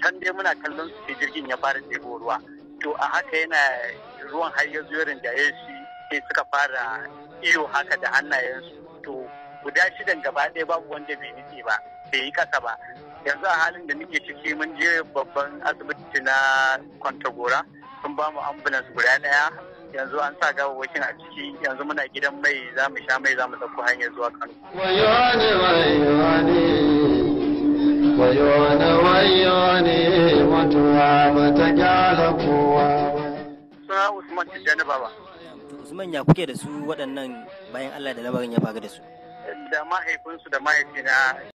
can dai muna kallon su ke jirgin ya fara ɗebo ruwa to a haka yana ruwan har ya da ya shi sai suka fara iyo haka da hannayensu to guda shidan gaba ɗaya babu wanda bai nitse ba bai yi kasa ba yanzu a halin da muke ciki mun je babban asibiti na kwantagora sun ba mu ambulans guda ɗaya yanzu an sa gawawwakin a ciki yanzu muna gidan mai za mu sha mai za mu ɗauko hanyar zuwa kano. wayone wayone mutuwa ba ta gyara kowa suna usman usman ya kuke da su waɗannan bayan allah da lamarin ya faru da su da mahaifinsu da mahaifina